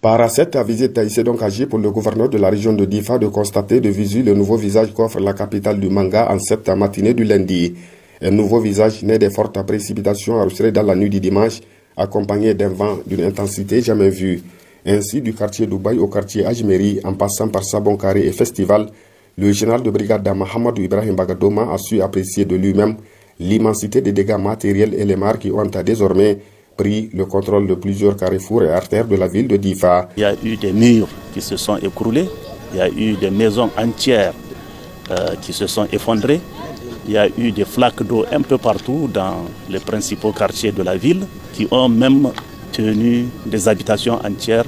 Par a visite, il donc agi pour le gouverneur de la région de Difa de constater de visu le nouveau visage qu'offre la capitale du manga en cette matinée du lundi. Un nouveau visage né des fortes précipitations arrosées dans la nuit du dimanche, accompagné d'un vent d'une intensité jamais vue. Ainsi, du quartier Dubaï au quartier Ajmeri, en passant par Sabon Carré et Festival, le général de brigade Mahamadou Ibrahim Bagadoma a su apprécier de lui-même l'immensité des dégâts matériels et les marques qui ont à désormais pris le contrôle de plusieurs carrefours et artères de la ville de Difa. Il y a eu des murs qui se sont écroulés, il y a eu des maisons entières euh, qui se sont effondrées, il y a eu des flaques d'eau un peu partout dans les principaux quartiers de la ville qui ont même tenu des habitations entières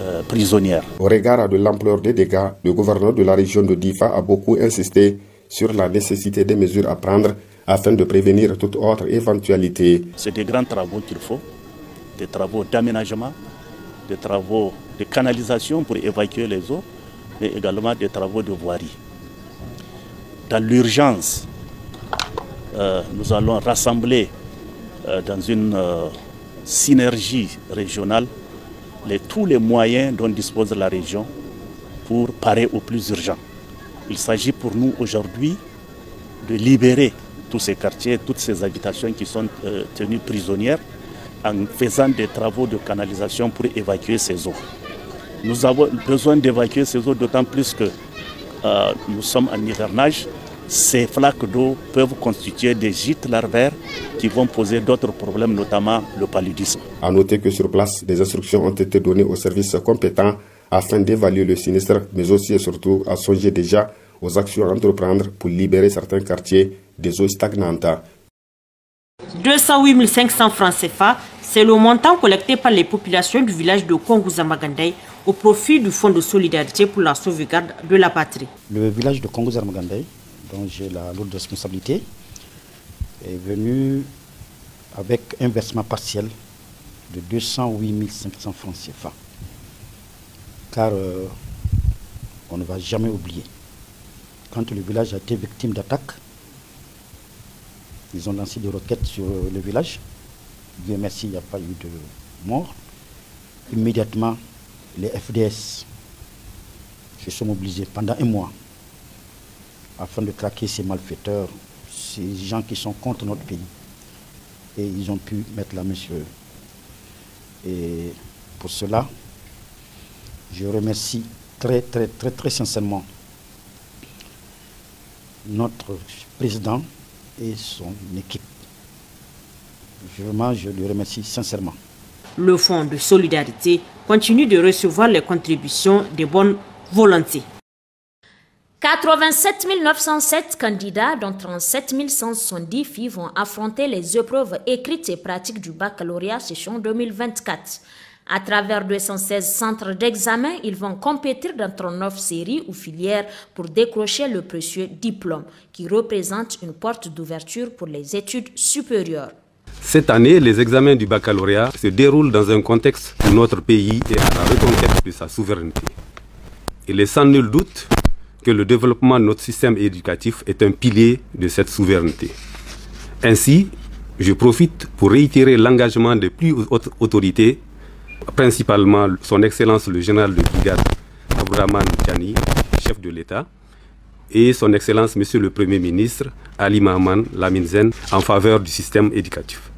euh, prisonnières. Au regard de l'ampleur des dégâts, le gouverneur de la région de Difa a beaucoup insisté sur la nécessité des mesures à prendre afin de prévenir toute autre éventualité. C'est des grands travaux qu'il faut, des travaux d'aménagement, des travaux de canalisation pour évacuer les eaux, mais également des travaux de voirie. Dans l'urgence, euh, nous allons rassembler euh, dans une euh, synergie régionale tous les moyens dont dispose la région pour parer au plus urgent. Il s'agit pour nous aujourd'hui de libérer tous ces quartiers, toutes ces habitations qui sont euh, tenues prisonnières en faisant des travaux de canalisation pour évacuer ces eaux. Nous avons besoin d'évacuer ces eaux d'autant plus que euh, nous sommes en hivernage. Ces flaques d'eau peuvent constituer des gîtes larvaires qui vont poser d'autres problèmes, notamment le paludisme. À noter que sur place, des instructions ont été données aux services compétents afin d'évaluer le sinistre, mais aussi et surtout à songer déjà aux actions à entreprendre pour libérer certains quartiers des eaux stagnantes. 208 500 francs CFA, c'est le montant collecté par les populations du village de Congo-Zamaganday au profit du Fonds de solidarité pour la sauvegarde de la patrie. Le village de Kongouzamagandei, dont j'ai la lourde responsabilité, est venu avec un versement partiel de 208 500 francs CFA. Car euh, on ne va jamais oublier quand le village a été victime d'attaques, ils ont lancé des roquettes sur le village. Dieu merci, il n'y a pas eu de mort. Immédiatement, les FDS se sont mobilisés pendant un mois afin de traquer ces malfaiteurs, ces gens qui sont contre notre pays. Et ils ont pu mettre la main sur eux. Et pour cela, je remercie très, très, très, très sincèrement notre président et son équipe. je le remercie sincèrement. Le Fonds de solidarité continue de recevoir les contributions de bonne volonté. 87 907 candidats, dont 37 170 filles, vont affronter les épreuves écrites et pratiques du baccalauréat session 2024. À travers 216 centres d'examen, ils vont compétir dans 39 séries ou filières pour décrocher le précieux diplôme qui représente une porte d'ouverture pour les études supérieures. Cette année, les examens du baccalauréat se déroulent dans un contexte où notre pays est à la reconquête de sa souveraineté. Il est sans nul doute que le développement de notre système éducatif est un pilier de cette souveraineté. Ainsi, je profite pour réitérer l'engagement des plus hautes autorités principalement son Excellence le général de brigade Abourahman chef de l'État, et son Excellence Monsieur le Premier ministre Ali Mahman Laminzen en faveur du système éducatif.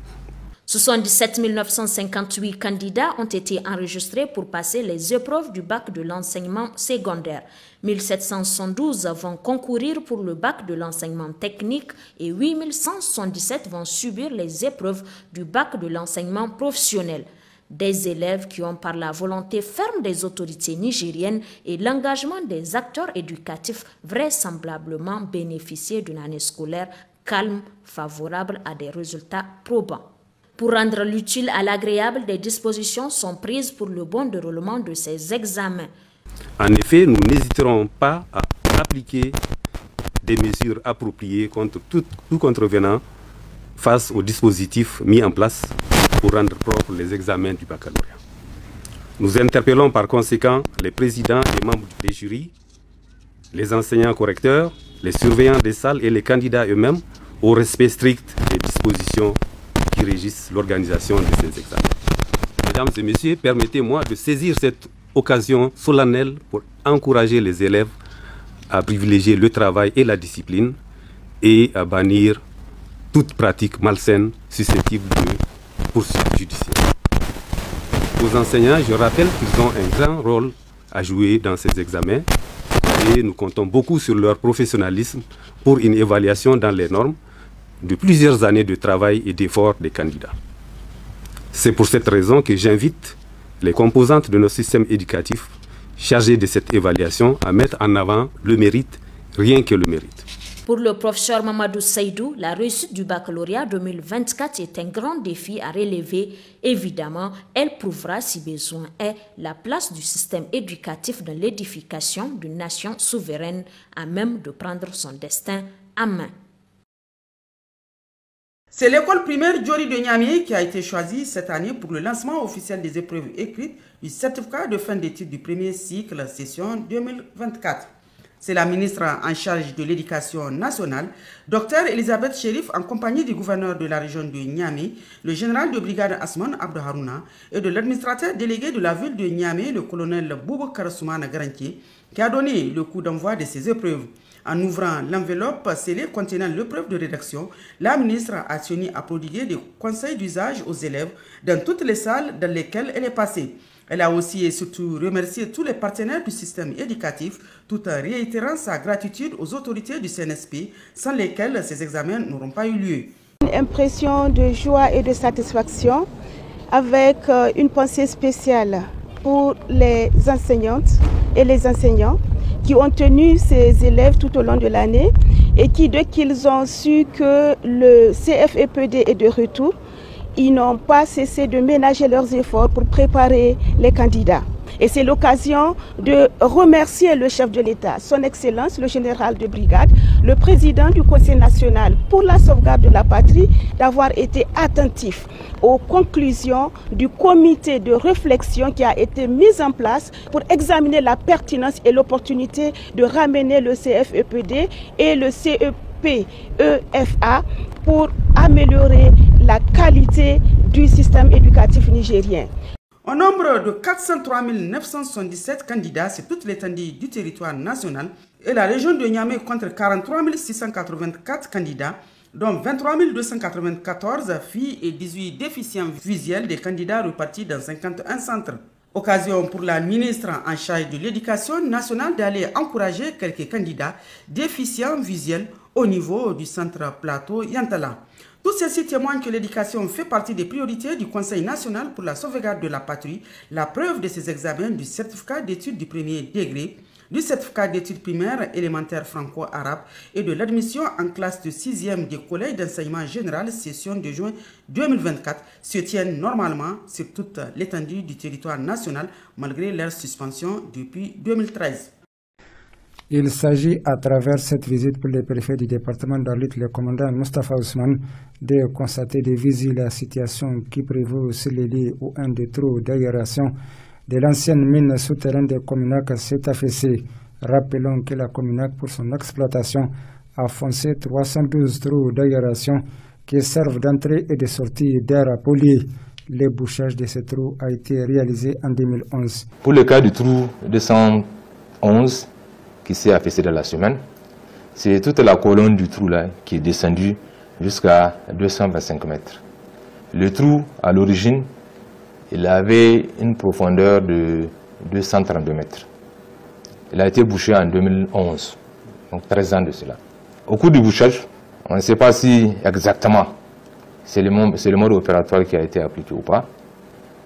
77 958 candidats ont été enregistrés pour passer les épreuves du bac de l'enseignement secondaire. 1712 vont concourir pour le bac de l'enseignement technique et 8177 vont subir les épreuves du bac de l'enseignement professionnel des élèves qui ont par la volonté ferme des autorités nigériennes et l'engagement des acteurs éducatifs vraisemblablement bénéficié d'une année scolaire calme, favorable à des résultats probants. Pour rendre l'utile à l'agréable, des dispositions sont prises pour le bon déroulement de ces examens. En effet, nous n'hésiterons pas à appliquer des mesures appropriées contre tout, contrevenant face aux dispositifs mis en place pour rendre propres les examens du baccalauréat. Nous interpellons par conséquent les présidents et membres des jurys, les enseignants correcteurs, les surveillants des salles et les candidats eux-mêmes au respect strict des dispositions qui régissent l'organisation de ces examens. Mesdames et messieurs, permettez-moi de saisir cette occasion solennelle pour encourager les élèves à privilégier le travail et la discipline et à bannir toute pratique malsaine susceptible de poursuite judiciaire. Aux enseignants, je rappelle qu'ils ont un grand rôle à jouer dans ces examens et nous comptons beaucoup sur leur professionnalisme pour une évaluation dans les normes de plusieurs années de travail et d'efforts des candidats. C'est pour cette raison que j'invite les composantes de nos systèmes éducatifs chargés de cette évaluation à mettre en avant le mérite, rien que le mérite. Pour le professeur Mamadou Saïdou, la réussite du baccalauréat 2024 est un grand défi à relever. Évidemment, elle prouvera, si besoin est, la place du système éducatif dans l'édification d'une nation souveraine à même de prendre son destin à main. C'est l'école primaire Djori de qui a été choisie cette année pour le lancement officiel des épreuves écrites du certificat de fin d'études du premier cycle session 2024. C'est la ministre en charge de l'éducation nationale, Dr Elisabeth Sherif, en compagnie du gouverneur de la région de Niamey, le général de brigade Asman Abdouharouna et de l'administrateur délégué de la ville de Niamey, le colonel Boubou Soumana Garantier, qui a donné le coup d'envoi de ces épreuves. En ouvrant l'enveloppe scellée contenant l'épreuve de rédaction, la ministre a tenu à prodiguer des conseils d'usage aux élèves dans toutes les salles dans lesquelles elle est passée. Elle a aussi et surtout remercié tous les partenaires du système éducatif tout en réitérant sa gratitude aux autorités du CNSP sans lesquelles ces examens n'auront pas eu lieu. Une impression de joie et de satisfaction avec euh, une pensée spéciale pour les enseignantes et les enseignants qui ont tenu ces élèves tout au long de l'année et qui, dès qu'ils ont su que le CFEPD est de retour, ils n'ont pas cessé de ménager leurs efforts pour préparer les candidats. Et c'est l'occasion de remercier le chef de l'État, son Excellence, le général de brigade, le président du Conseil national pour la sauvegarde de la patrie, d'avoir été attentif aux conclusions du comité de réflexion qui a été mis en place pour examiner la pertinence et l'opportunité de ramener le CFEPD et le CEPEFA pour améliorer la qualité système éducatif nigérien. Au nombre de 403 977 candidats c'est toute l'étendue du territoire national et la région de Niamey compte 43 684 candidats, dont 23 294 filles et 18 déficients visuels des candidats repartis dans 51 centres. Occasion pour la ministre en charge de l'éducation nationale d'aller encourager quelques candidats déficients visuels au niveau du centre plateau Yantala. Tout ceci témoigne que l'éducation fait partie des priorités du Conseil national pour la sauvegarde de la patrie, la preuve de ces examens du certificat d'études du premier degré, du certificat d'études primaires élémentaires franco-arabe et de l'admission en classe de 6e des collèges d'enseignement général session de juin 2024 se tiennent normalement sur toute l'étendue du territoire national malgré leur suspension depuis 2013. Il s'agit à travers cette visite pour le préfet du département d'Arlit, le commandant Mustafa Ousmane, de constater, de viser la situation qui prévaut sur les lits où un des trous d'aération de l'ancienne mine souterraine de Communac s'est affaissé. Rappelons que la Communac, pour son exploitation, a foncé 312 trous d'aération qui servent d'entrée et de sortie d'air à polier. Le bouchage de ces trous a été réalisé en 2011. Pour le cas du trou 211, qui s'est affaissé dans la semaine. C'est toute la colonne du trou là qui est descendue jusqu'à 225 mètres. Le trou, à l'origine, il avait une profondeur de 232 mètres. Il a été bouché en 2011, donc 13 ans de cela. Au cours du bouchage, on ne sait pas si exactement c'est le, le mode opératoire qui a été appliqué ou pas,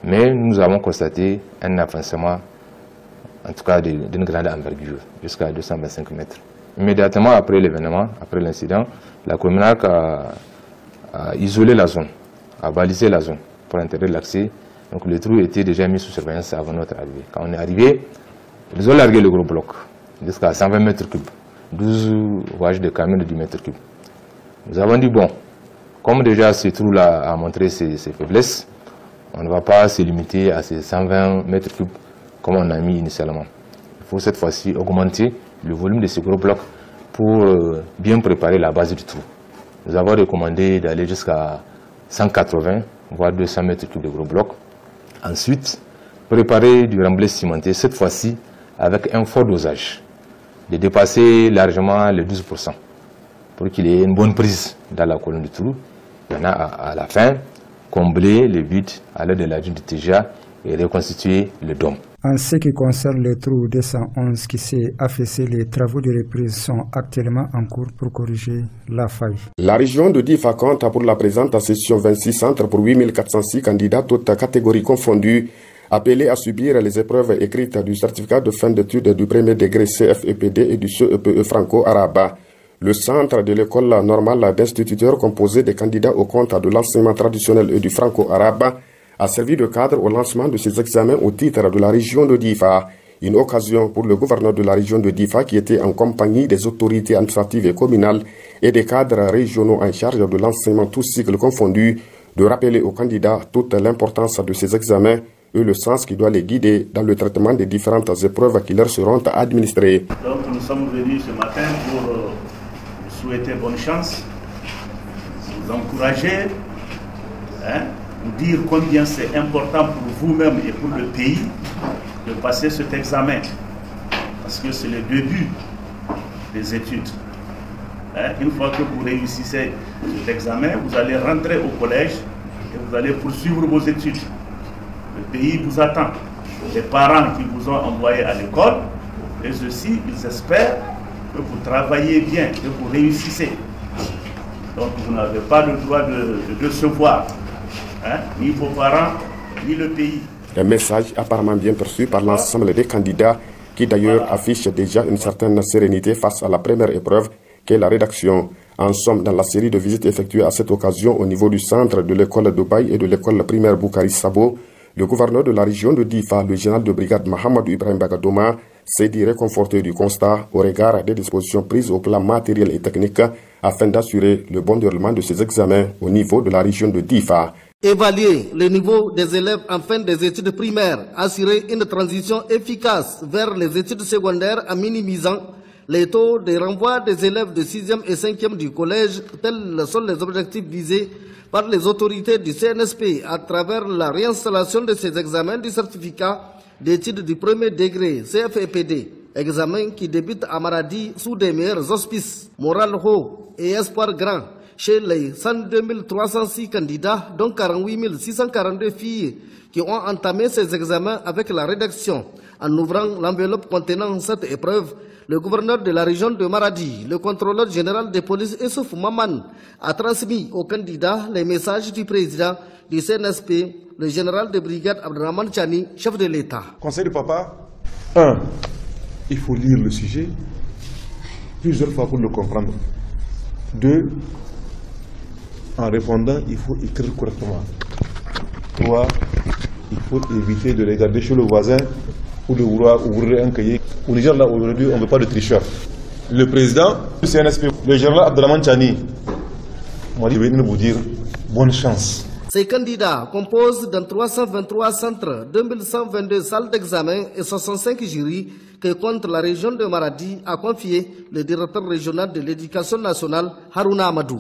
mais nous avons constaté un avancement en tout cas d'une grande envergure, jusqu'à 225 mètres. Immédiatement après l'événement, après l'incident, la commune a, isolé la zone, a balisé la zone pour interdire l'accès. Donc le trou était déjà mis sous surveillance avant notre arrivée. Quand on est arrivé, ils ont largué le gros bloc jusqu'à 120 mètres cubes, 12 voyages de camion de 10 mètres cubes. Nous avons dit, bon, comme déjà ce trou-là a montré ses, ses faiblesses, on ne va pas se limiter à ces 120 mètres cubes comme on a mis initialement. Il faut cette fois-ci augmenter le volume de ces gros blocs pour euh, bien préparer la base du trou. Nous avons recommandé d'aller jusqu'à 180, voire 200 mètres cubes de gros blocs. Ensuite, préparer du remblai cimenté, cette fois-ci avec un fort dosage, de dépasser largement les 12% pour qu'il y ait une bonne prise dans la colonne du trou. Il y a à, la fin, combler les vides à l'aide de la de TGA et reconstituer le don. En ce qui concerne le trou 211 qui s'est affaissé, les travaux de reprise sont actuellement en cours pour corriger la faille. La région de Difa compte pour la présente session 26 centres pour 8406 candidats, toutes catégories confondues, appelés à subir les épreuves écrites du certificat de fin d'études du premier degré CFEPD et du CEPE franco-araba. Le centre de l'école normale d'instituteurs composé des candidats au compte de l'enseignement traditionnel et du franco-arabe a servi de cadre au lancement de ces examens au titre de la région de Difa. Une occasion pour le gouverneur de la région de Difa qui était en compagnie des autorités administratives et communales et des cadres régionaux en charge de l'enseignement tout cycle confondu de rappeler aux candidats toute l'importance de ces examens et le sens qui doit les guider dans le traitement des différentes épreuves qui leur seront administrées. Donc nous sommes venus ce matin pour vous euh, souhaiter bonne chance, vous encourager, hein, dire combien c'est important pour vous-même et pour le pays de passer cet examen. Parce que c'est le début des études. Hein, une fois que vous réussissez cet examen, vous allez rentrer au collège et vous allez poursuivre vos études. Le pays vous attend. Les parents qui vous ont envoyé à l'école, et ceux-ci, ils espèrent que vous travaillez bien, que vous réussissez. Donc vous n'avez pas le droit de, se voir. Hein? ni vos parents, ni le pays. Un message apparemment bien perçu par l'ensemble des candidats qui d'ailleurs affiche déjà une certaine sérénité face à la première épreuve qu'est la rédaction. En somme, dans la série de visites effectuées à cette occasion au niveau du centre de l'école Dubaï et de l'école primaire Boukari Sabo, le gouverneur de la région de Difa, le général de brigade Mohamed Ibrahim Bagadoma, s'est dit réconforté du constat au regard des dispositions prises au plan matériel et technique afin d'assurer le bon déroulement de ces examens au niveau de la région de Difa. Évaluer le niveau des élèves en fin des études primaires, assurer une transition efficace vers les études secondaires en minimisant les taux de renvoi des élèves de 6e et 5e du collège, tels sont les objectifs visés par les autorités du CNSP à travers la réinstallation de ces examens du certificat d'études du premier degré CFEPD, examen qui débute à Maradi sous des meilleurs auspices, moral haut et espoir grand chez les 102 306 candidats, dont 48 642 filles qui ont entamé ces examens avec la rédaction. En ouvrant l'enveloppe contenant cette épreuve, le gouverneur de la région de Maradi, le contrôleur général des polices Essof Maman, a transmis aux candidats les messages du président du CNSP, le général de brigade Abdraman Chani, chef de l'État. Conseil de papa, 1. Il faut lire le sujet plusieurs fois pour le comprendre. 2 en répondant, il faut écrire correctement. Trois, il faut éviter de regarder chez le voisin ou de vouloir ouvrir un cahier. Au Niger, là, aujourd'hui, on ne veut pas de tricheur. Le président du CNSP, le général Abdelhaman Chani, m'a dit, je vous dire bonne chance. Ces candidats composent dans 323 centres, 2122 salles d'examen et 65 jurys que contre la région de Maradi a confié le directeur régional de l'éducation nationale Haruna Amadou.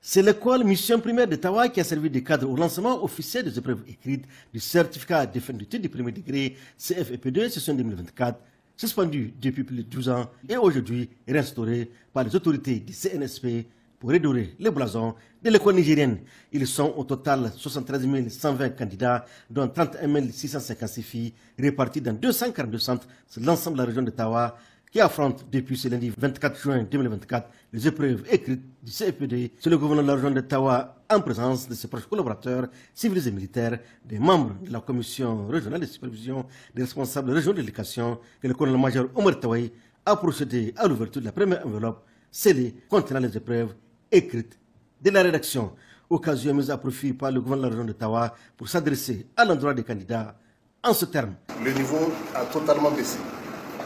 C'est l'école mission primaire de Tawa qui a servi de cadre au lancement officiel des épreuves écrites du certificat de fin du premier degré CFEP2 session 2024, suspendu depuis plus de 12 ans et aujourd'hui restauré par les autorités du CNSP pour redorer le blason de l'école nigérienne. Ils sont au total 73 120 candidats, dont 31 656 filles, répartis dans 242 centres sur l'ensemble de la région de Tawa, qui affronte depuis ce lundi 24 juin 2024 les épreuves écrites du CFPD sur le gouvernement de la région d'Ottawa en présence de ses proches collaborateurs civils et militaires, des membres de la commission régionale de supervision, des responsables de région de l'éducation et le colonel-major Omar Tawai a procédé à l'ouverture de la première enveloppe scellée contenant les épreuves écrites de la rédaction, occasion mise à profit par le gouvernement de la région d'Ottawa pour s'adresser à l'endroit des candidats en ce terme. Le niveau a totalement baissé.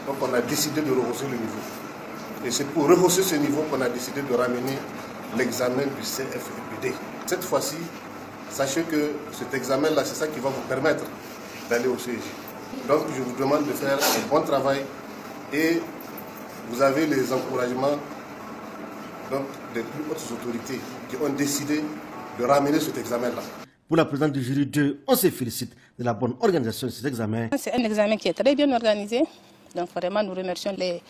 Donc on a décidé de rehausser le niveau. Et c'est pour rehausser ce niveau qu'on a décidé de ramener l'examen du CFEPD. Cette fois-ci, sachez que cet examen-là, c'est ça qui va vous permettre d'aller au CEJ. Donc je vous demande de faire un bon travail et vous avez les encouragements donc, des plus hautes autorités qui ont décidé de ramener cet examen-là. Pour la présidente du jury 2, on se félicite de la bonne organisation de cet examen. C'est un examen qui est très bien organisé. Donc vraiment, nous remercions les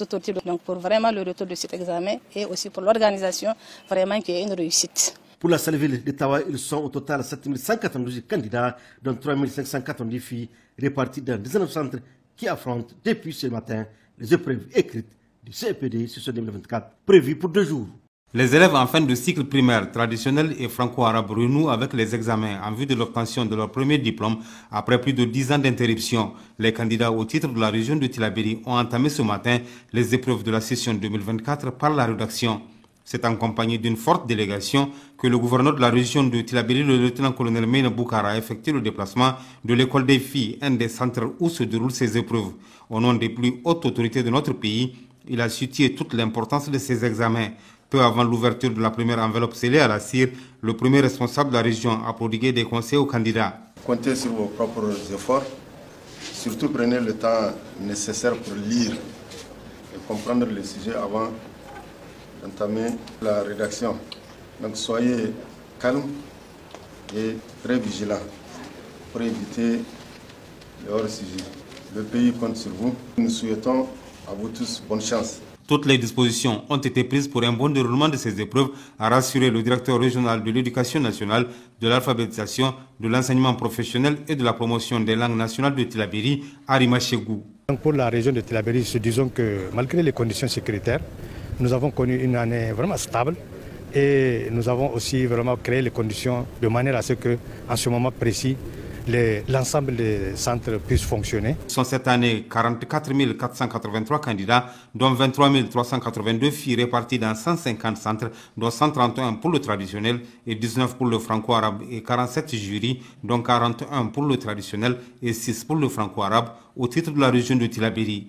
autorités donc, pour vraiment le retour de cet examen et aussi pour l'organisation, vraiment qui est une réussite. Pour la salle ville d'Ottawa, ils sont au total 7192 candidats, dont 3.580 filles réparties dans 19 centres qui affrontent depuis ce matin les épreuves écrites du CEPD sur ce 2024, prévues pour deux jours. Les élèves en fin de cycle primaire traditionnel et franco-arabe renouent avec les examens en vue de l'obtention de leur premier diplôme après plus de dix ans d'interruption. Les candidats au titre de la région de Tillabéri ont entamé ce matin les épreuves de la session 2024 par la rédaction. C'est en compagnie d'une forte délégation que le gouverneur de la région de Tillabéri, le lieutenant-colonel Mene Boukara, a effectué le déplacement de l'école des filles, un des centres où se déroulent ces épreuves. Au nom des plus hautes autorités de notre pays, il a situé toute l'importance de ces examens. Peu avant l'ouverture de la première enveloppe scellée à la CIR, le premier responsable de la région a prodigué des conseils aux candidats. Comptez sur vos propres efforts. Surtout prenez le temps nécessaire pour lire et comprendre le sujet avant d'entamer la rédaction. Donc soyez calme et très vigilant pour éviter les hors-sujets. Le pays compte sur vous. Nous souhaitons à vous tous bonne chance. Toutes les dispositions ont été prises pour un bon déroulement de ces épreuves, a rassuré le directeur régional de l'éducation nationale, de l'alphabétisation, de l'enseignement professionnel et de la promotion des langues nationales de Tilabéry, Arima Chegou. Pour la région de Tilabéry, disons que malgré les conditions sécuritaires, nous avons connu une année vraiment stable et nous avons aussi vraiment créé les conditions de manière à ce que, ce moment précis, l'ensemble des centres puissent fonctionner. Ce sont cette année 44 483 candidats, dont 23 382 filles réparties dans 150 centres, dont 131 pour le traditionnel et 19 pour le franco-arabe et 47 jurys, dont 41 pour le traditionnel et 6 pour le franco-arabe, au titre de la région de Tilabéry.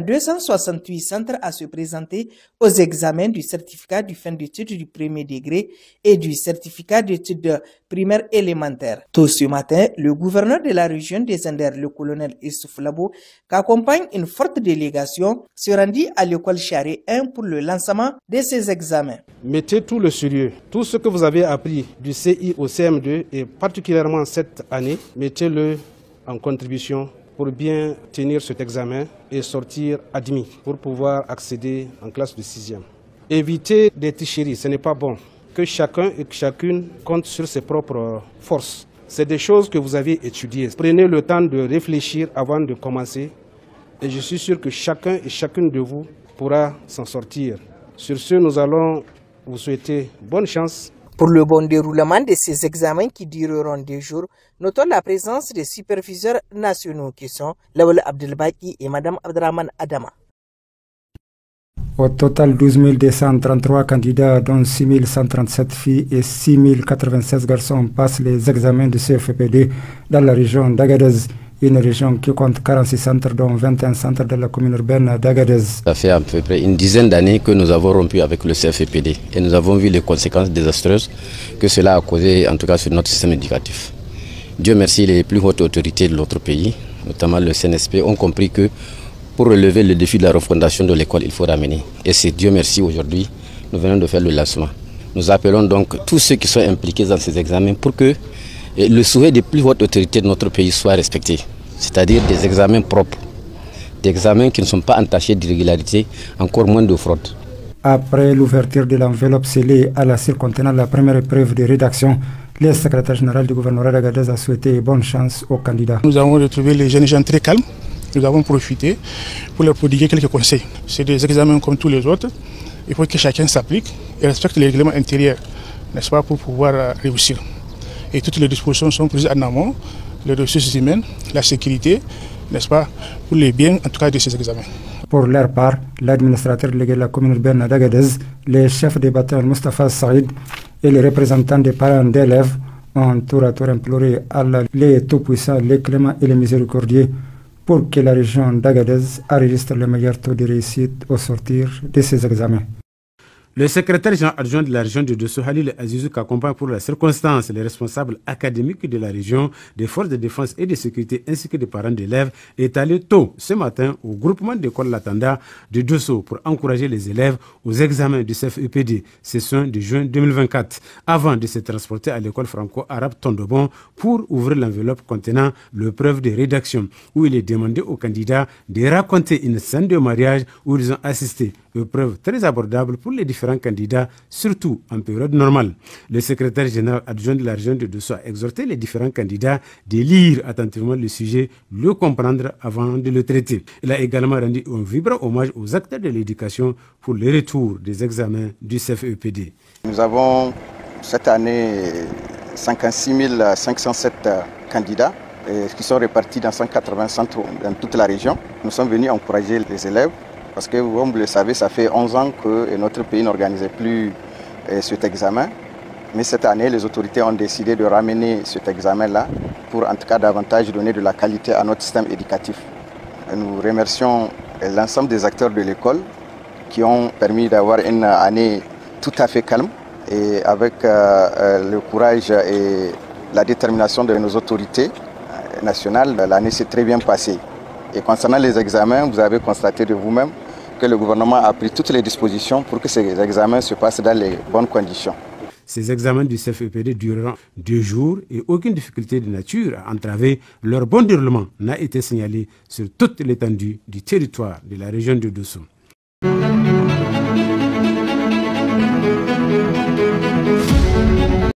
268 centres à se présenter aux examens du certificat du fin d'études du premier degré et du certificat d'études primaire élémentaires. Tôt ce matin, le gouverneur de la région des Indes, le colonel Issouf Labo, accompagne une forte délégation, se rendit à l'école Charé 1 pour le lancement de ces examens. Mettez tout le sérieux, tout ce que vous avez appris du CI au CM2 et particulièrement cette année, mettez-le en contribution pour bien tenir cet examen et sortir admis pour pouvoir accéder en classe de 6e. Éviter des tricheries, ce n'est pas bon. Que chacun et chacune compte sur ses propres forces. C'est des choses que vous avez étudiées. Prenez le temps de réfléchir avant de commencer. Et je suis sûr que chacun et chacune de vous pourra s'en sortir. Sur ce, nous allons vous souhaiter bonne chance pour le bon déroulement de ces examens qui dureront deux jours, notons la présence des superviseurs nationaux qui sont Lawal Abdelbaki et Madame Abdraman Adama. Au total, 12 233 candidats, dont 6 137 filles et 6 096 garçons, passent les examens de CFPD dans la région d'Agadez une région qui compte 46 centres, dont 21 centres de la commune urbaine d'Agadez. Ça fait à peu près une dizaine d'années que nous avons rompu avec le CFPD et nous avons vu les conséquences désastreuses que cela a causé, en tout cas sur notre système éducatif. Dieu merci, les plus hautes autorités de notre pays, notamment le CNSP, ont compris que pour relever le défi de la refondation de l'école, il faut ramener. Et c'est Dieu merci aujourd'hui, nous venons de faire le lancement. Nous appelons donc tous ceux qui sont impliqués dans ces examens pour que le souhait de plus hautes autorités de notre pays soit respecté, c'est-à-dire des examens propres, des examens qui ne sont pas entachés d'irrégularité, encore moins de fraude. Après l'ouverture de l'enveloppe scellée à la cire contenant la première épreuve de rédaction, le secrétaire général du gouvernement Gadez a souhaité bonne chance aux candidats. Nous avons retrouvé les jeunes gens très calmes. Nous avons profité pour leur prodiguer quelques conseils. C'est des examens comme tous les autres. Il faut que chacun s'applique et respecte les règlements intérieurs, n'est-ce pas, pour pouvoir euh, réussir et toutes les dispositions sont prises en amont, les ressources humaines, la sécurité, n'est-ce pas, pour les biens, en tout cas, de ces examens. Pour leur part, l'administrateur de la commune urbaine d'Agadez, le chef de bataille, Mustafa Saïd et les représentants des parents d'élèves ont tour à tour imploré les Tout-Puissants, les Cléments et les Miséricordieux pour que la région d'Agadez enregistre le meilleur taux de réussite au sortir de ces examens. Le secrétaire général adjoint de la région de Dosso, Halil Azizou, accompagne pour la circonstance les responsables académiques de la région, des forces de défense et de sécurité ainsi que des parents d'élèves, est allé tôt ce matin au groupement d'école Latanda de Dosso pour encourager les élèves aux examens du CFEPD, session de juin 2024, avant de se transporter à l'école franco-arabe Tondobon pour ouvrir l'enveloppe contenant le preuve de rédaction, où il est demandé aux candidats de raconter une scène de mariage où ils ont assisté, une preuve très abordable pour les différents candidats, surtout en période normale. Le secrétaire général adjoint de la région de dessous a exhorté les différents candidats lire attentivement le sujet, le comprendre avant de le traiter. Il a également rendu un vibrant hommage aux acteurs de l'éducation pour le retour des examens du CFEPD. Nous avons cette année 56 507 candidats euh, qui sont répartis dans 180 centres dans toute la région. Nous sommes venus encourager les élèves parce que, vous le savez, ça fait 11 ans que notre pays n'organisait plus euh, cet examen. Mais cette année, les autorités ont décidé de ramener cet examen-là pour, en tout cas, davantage donner de la qualité à notre système éducatif. nous remercions euh, l'ensemble des acteurs de l'école qui ont permis d'avoir une année tout à fait calme et avec euh, le courage et la détermination de nos autorités nationales, l'année s'est très bien passée. Et concernant les examens, vous avez constaté de vous-même le gouvernement a pris toutes les dispositions pour que ces examens se passent dans les bonnes conditions. Ces examens du CFEPD dureront deux jours et aucune difficulté de nature à entraver leur bon déroulement n'a été signalée sur toute l'étendue du territoire de la région de Dosso.